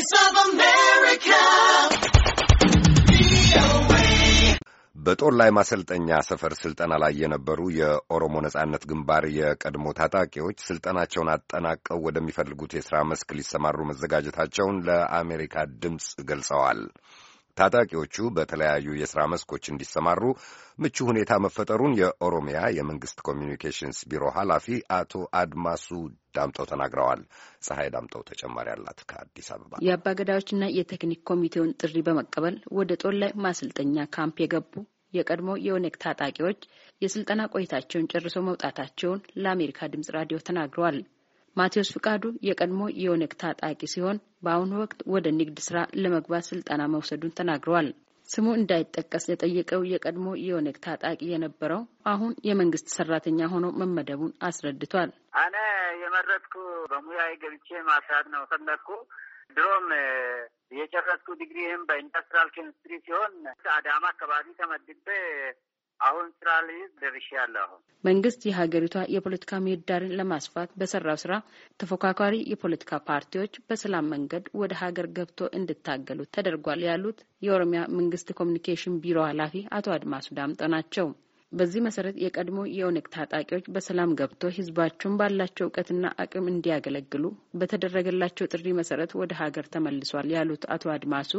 Voice of America. በጦር ላይ ማሰልጠኛ ሰፈር ስልጠና ላይ የነበሩ የኦሮሞ ነጻነት ግንባር የቀድሞ ታጣቂዎች ስልጠናቸውን አጠናቀው ወደሚፈልጉት የሥራ መስክ ሊሰማሩ መዘጋጀታቸውን ለአሜሪካ ድምፅ ገልጸዋል። ታጣቂዎቹ በተለያዩ የሥራ መስኮች እንዲሰማሩ ምቹ ሁኔታ መፈጠሩን የኦሮሚያ የመንግሥት ኮሚኒኬሽንስ ቢሮ ኃላፊ አቶ አድማሱ ዳምጠው ተናግረዋል። ፀሐይ ዳምጠው ተጨማሪ አላት ከአዲስ አበባ። የአባገዳዮችና የቴክኒክ ኮሚቴውን ጥሪ በመቀበል ወደ ጦላይ ላይ ማሰልጠኛ ካምፕ የገቡ የቀድሞ የኦነግ ታጣቂዎች የስልጠና ቆይታቸውን ጨርሰው መውጣታቸውን ለአሜሪካ ድምጽ ራዲዮ ተናግረዋል። ማቴዎስ ፍቃዱ የቀድሞ የኦነግ ታጣቂ ሲሆን በአሁኑ ወቅት ወደ ንግድ ስራ ለመግባት ስልጠና መውሰዱን ተናግረዋል። ስሙ እንዳይጠቀስ የጠየቀው የቀድሞ የኦነግ ታጣቂ የነበረው አሁን የመንግስት ሰራተኛ ሆኖ መመደቡን አስረድቷል። እኔ የመረጥኩ በሙያዬ ገብቼ ማስራት ነው ፈለግኩ። ድሮም የጨረስኩ ዲግሪህም በኢንዱስትሪያል ኬሚስትሪ ሲሆን አዳማ አካባቢ ተመድቤ አሁን ስራ ላይ ያለ አሁን መንግስት የሀገሪቷ የፖለቲካ ምህዳርን ለማስፋት በሰራው ስራ ተፎካካሪ የፖለቲካ ፓርቲዎች በሰላም መንገድ ወደ ሀገር ገብቶ እንድታገሉ ተደርጓል ያሉት የኦሮሚያ መንግስት ኮሚኒኬሽን ቢሮ ኃላፊ አቶ አድማሱ ዳምጦ ናቸው። በዚህ መሰረት የቀድሞ የኦነግ ታጣቂዎች በሰላም ገብቶ ህዝባቸውን ባላቸው እውቀትና አቅም እንዲያገለግሉ በተደረገላቸው ጥሪ መሰረት ወደ ሀገር ተመልሷል ያሉት አቶ አድማሱ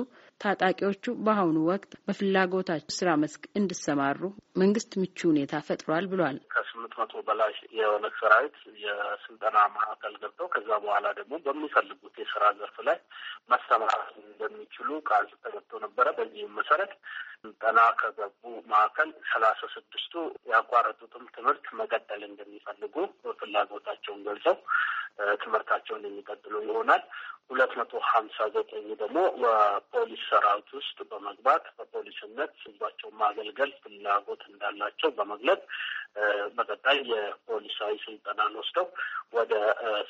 ታጣቂዎቹ በአሁኑ ወቅት በፍላጎታቸው ስራ መስክ እንዲሰማሩ መንግስት ምቹ ሁኔታ ፈጥሯል ብሏል። ከስምንት መቶ በላይ የኦነግ ሰራዊት የስልጠና ማዕከል ገብተው ከዛ በኋላ ደግሞ በሚፈልጉት የስራ ዘርፍ ላይ መሰማራት እንደሚችሉ ቃል ተገብቶ ነበረ። በዚህም መሰረት ስልጠና ከገቡ መካከል ሰላሳ ስድስቱ ያቋረጡትም ትምህርት መቀጠል እንደሚፈልጉ ፍላጎታቸውን ገልጸው ትምህርታቸውን የሚቀጥሉ ይሆናል። ሁለት መቶ ሀምሳ ዘጠኝ ደግሞ በፖሊስ ሰራዊት ውስጥ በመግባት በፖሊስነት ህዝባቸውን ማገልገል ፍላጎት እንዳላቸው በመግለጽ በቀጣይ የፖሊሳዊ ስልጠናን ወስደው ወደ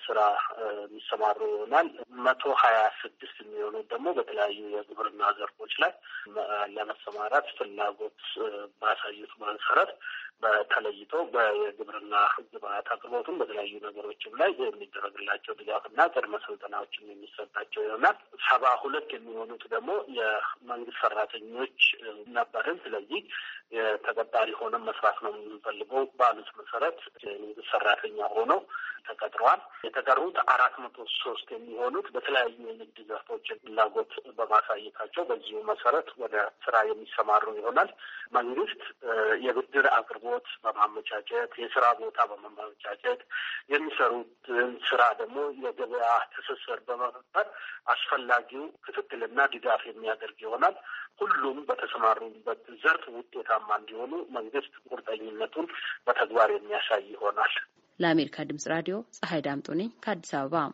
ስራ የሚሰማሩ ይሆናል። መቶ ሀያ ስድስት የሚሆኑት ደግሞ በተለያዩ የግብርና ዘርፎች ላይ ለመሰማራት ፍላጎት ባሳዩት መሰረት በተለይቶ በየግብርና ግብዓት አቅርቦቱን በተለያዩ ነገሮችም ላይ የሚደረግላቸው ድጋፍና ቅድመ ስልጠናዎችም የሚሰጣቸው ይሆናል። ሰባ ሁለት የሚሆኑት ደግሞ የመንግስት ሰራተኞች ነበርን። ስለዚህ ተቀጣሪ ሆነን መስራት ነው የምንፈልገው አድርገው ባሉት መሰረት የመንግስት ሰራተኛ ሆነው ተቀጥረዋል። የተቀሩት አራት መቶ ሶስት የሚሆኑት በተለያዩ የንግድ ዘርፎች ፍላጎት በማሳየታቸው በዚሁ መሰረት ወደ ስራ የሚሰማሩ ይሆናል። መንግስት የብድር አቅርቦት በማመቻቸት የስራ ቦታ በማመቻቸት የሚሰሩትን ስራ ደግሞ የገበያ ትስስር በመፈጠር አስፈላጊው ክትትልና ድጋፍ የሚያደርግ ይሆናል። ሁሉም በተሰማሩበት ዘርፍ ውጤታማ እንዲሆኑ መንግስት ቁርጠኝነቱን በተግባር የሚያሳይ ይሆናል። ለአሜሪካ ድምጽ ራዲዮ ፀሐይ ዳምጦ ነኝ ከአዲስ አበባ።